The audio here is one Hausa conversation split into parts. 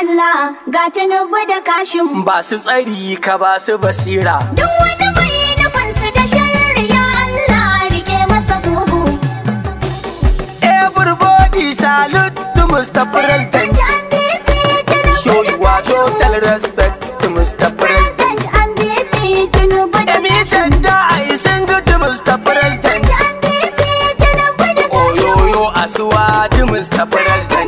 Allah ga tunubu da kashin ba su tsari ka ba su basira duk wani mai nufin su da sharri ya Allah rike masa gugu everybody eh, salute to Mr. President to Mr. President da Oyoyo asuwa Mr. President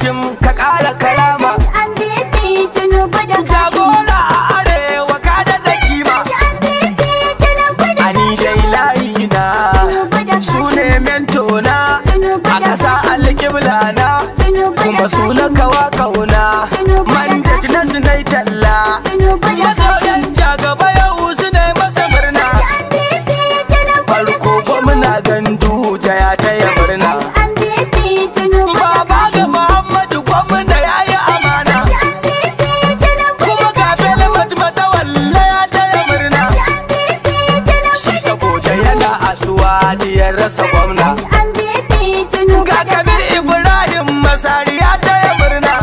Shin ka ƙara karama jagora a arewa ka da layi na mento na a ƙasa na kuma suna kawa kawa a ya rasa gwamna ga kabir ibrahim masari ya taya murna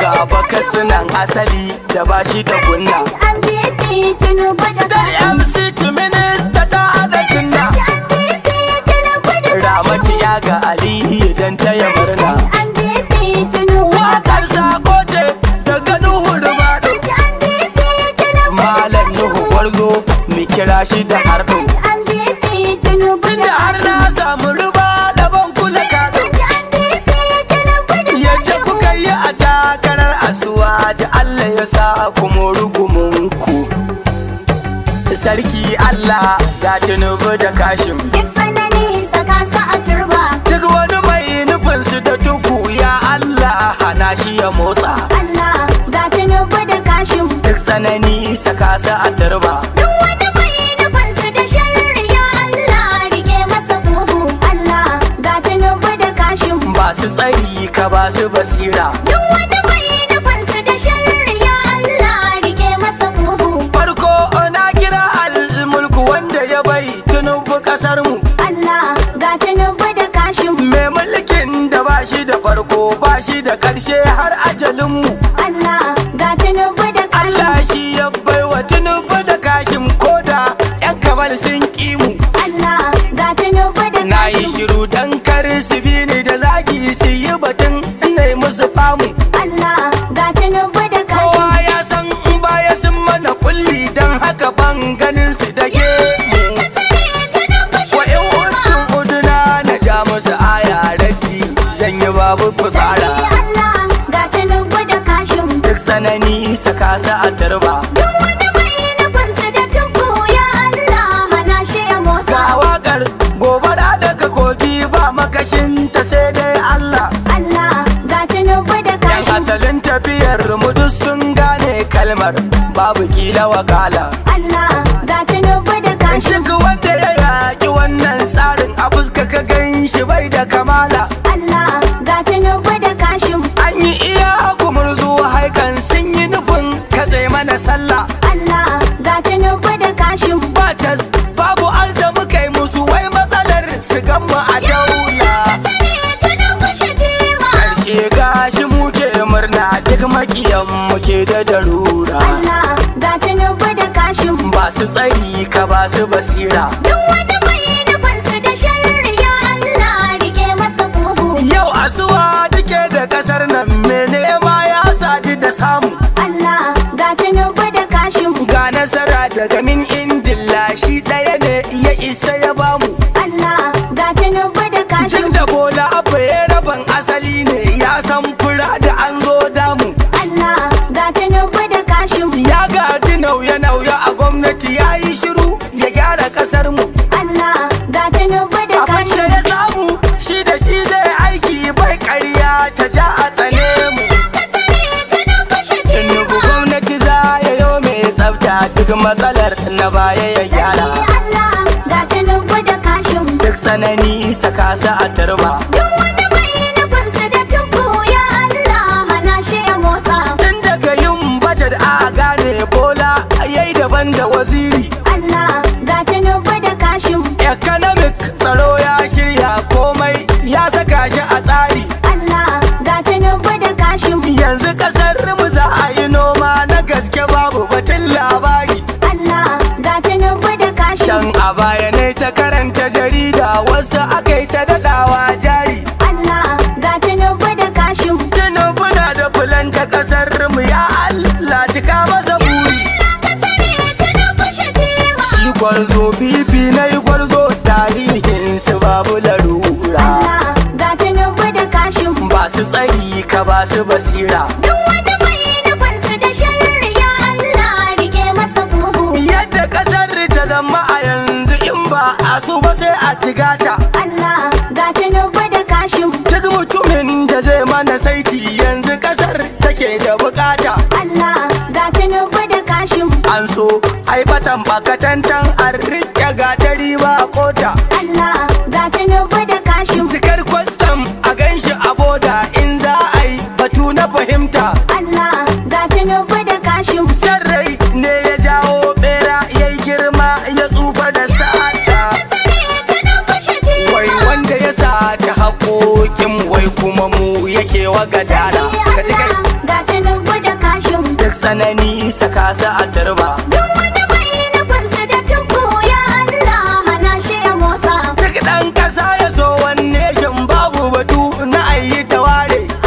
ga baka asali da bashi da gunna star mc kansu da tuku ya Allah hana shi ya motsa Allah za ta nufa da kashin duk tsanani saka su a tarba duk wani mai nufansu da sharri ya Allah rike masa bugu Allah za ta nufa da kashin ba su tsari ka ba su basira duk wani ƙarshe har ajalinmu Allah ga tunubu da kashin Allah shi ya baiwa tunubu da kashin koda yan kamal sun mu. Allah ga tunubu da kashin na yi shiru dan kar su bi ni da zagi su yi batun sai musu famu su a turba duk wani mai nufin su da tuku ya Allah hana shi ya motsa ga wakar gobara daga kogi ba makashin ta sai dai Allah Allah ga tunubu da kashi yan asalin tafiyar mu duk sun gane kalmar babu kila wakala Allah ga tunubu da kashi duk wanda ya yaki wannan tsarin a fuska ka gan shi bai da kamala masu basira duk wani mai nufin da sharri ya Allah rike masa kugu yau asuwa duke da kasar nan mene ma ya sadi da samu Allah ga tunubu da kashin ga nasara daga min indilla shi ɗaya ne ya isa ya bamu Allah ga tunubu da kashin duk da bola abu ya rabon asali ne ya san fura da an zo damu Allah ga tunubu da kashin ya ga tunau yana matsalar na baya ya yana. Allah ga ta da gwada kashin. Duk sanani sa kasa a tarba. a baya ne ta karanta jarida wasu aka yi ta dadawa jari Allah ga tunubu da kashin tunubu na da fulan ta kasar mu ya Allah cika masa buri shi gwarzo bibi na yi gwarzo tarihin su babu larura Allah ga tunubu da kashin ba su tsari ka ba su basira gata Allah ga nufa da kashin duk mutumin da zai mana saiti yanzu kasar take da bukata Allah ga nufa da kashin an so ai batan bakatantan an rike gatari ba kota saka su a tarba. Don wani bai nufin su da tuku ya Allah hana shi ya motsa duk dan kasa ya zo wanne babu batu na ayi ta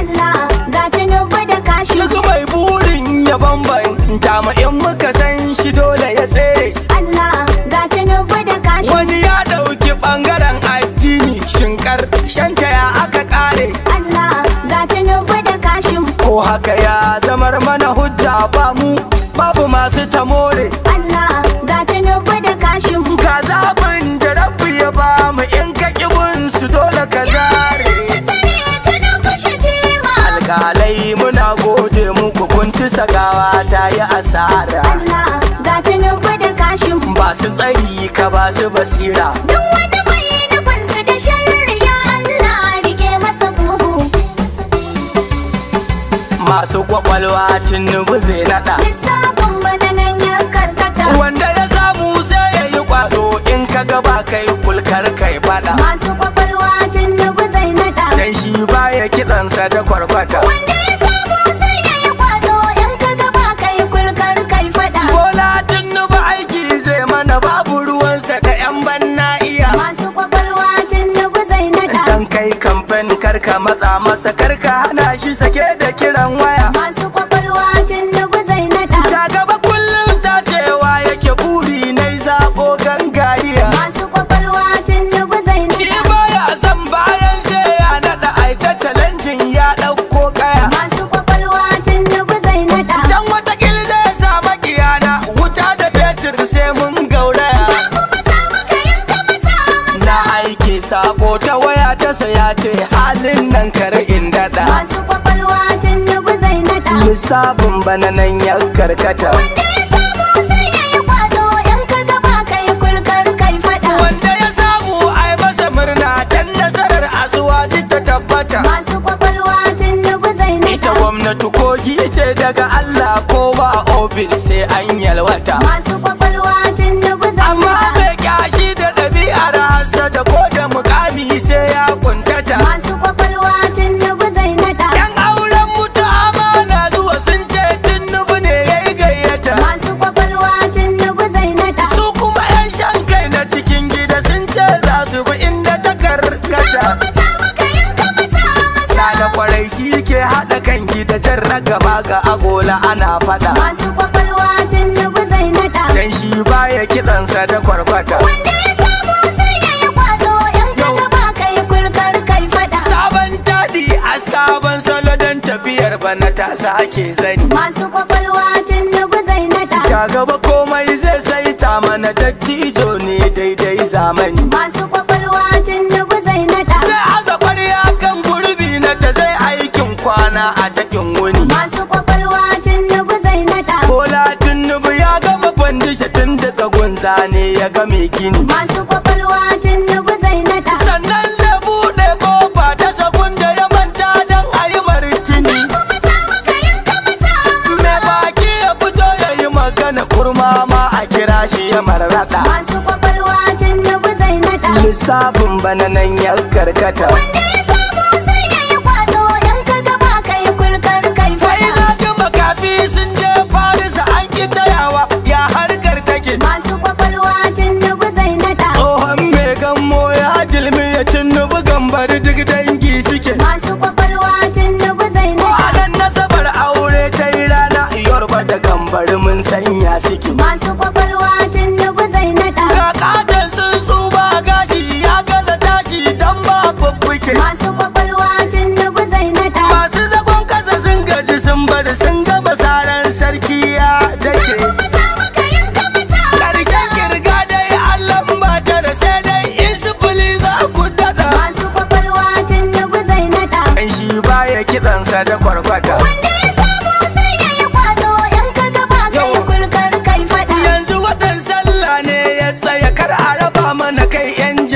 Allah ga tunubu da kashi duk mai burin ya bambanta mu in muka san shi dole ya tsere Allah ga tunubu da kashi wani ya dauki bangaren addini shinkar shanta ya aka ƙare. Allah ga tunubu da kashin ko haka ya zamar mana hujja ba mu babu masu tamore Allah ga ta nufa da kashin mu ka da rabbi ya ba mu in ka kibin su dole ka zare Alkalai muna gode muku kun ti sagawa ta yi asara Allah ga ta da kashin mu ba su tsari ka ba su basira duk wanda da sharri ya Allah rike masa buhu masu kwakwalwa tun nubu zai nada kai kulkar kai fada masu kwakwalwa tun da zai nada dan shi baya sa da kwarkwata wanda ya samu sai ya yi kwazo in ka gaba kai kulkar kai fada bola tun ba aiki zai mana babu ruwansa da yan banna iya masu kwakwalwa tun da zai nada dan kai kamfen karka matsa masa kar sabon bananan ya karkata. Wanda ya bana ta sake zani masu kwakwalwa tun da guzai ta gaba komai zai sai ta mana dattijo ne daidai zamani masu kwakwalwa tun da guzai ta sai aza kwariya kan gurbi na ta zai aikin kwana a dakin wuni masu kwakwalwa tun da guzai na ta bola tunubu ya gama bandisha tun daga gunza ne ya ga game gini masu kwakwalwa tun da kamar rata masu kwakwalwa can zubu zai lissafin bananan yar karkata wanda ya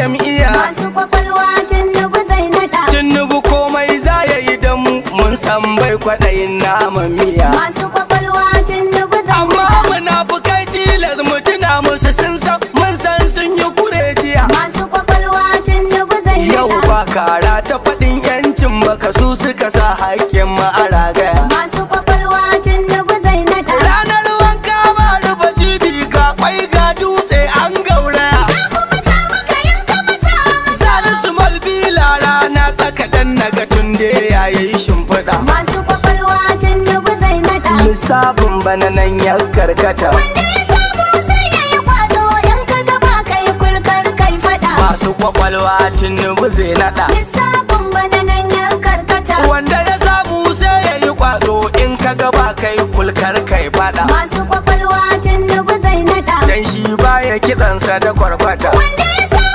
jam'iyya masu kwakwalwa tinubu zai nada komai za ya yi don mun san bai kwaɗayin namamiya miya masu kwakwalwa tunubu zai nada amma muna bukai tilar mutuna musu sun san mun san sun yi kureciya masu kwakwalwa tunubu zai nada yau ba kara ta faɗin sabon bana nan ya karkata wanda ya sabo sai ya yi kwazo yan kaga ba kai kulkar kai fada masu kwakwalwa tunubu zai nada sabon bana nan ya karkata wanda ya samu sai ya yi kwazo in ka ba kai kulkar kai fada masu kwakwalwa tunubu zai nada dan shi baya kidansa da kwarkwata wanda ya